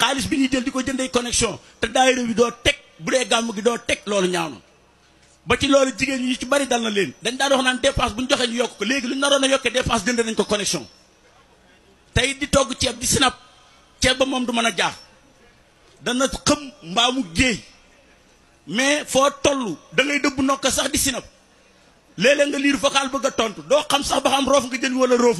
xaalis bi ñuy jël di ko jëndee connexion te daayira bi do tek bu dee gàmm gi do tek loolu ñaanu ba ci loolu jigéen yi ci bari dal na leen dañ da wax naan dépense buñ joxé ñu yok ko légui lu ñu naroon a yokkee dépense jënd nañ ko connexion tay di togg ci di snap ci ba mom du mëna a jaar dana xëm mbaa mu mais fo tollu da ngay debbu nokk sax di snap lélé nga lire vocal bëgg tontu do xam sax ba xam roof nga jël wala roof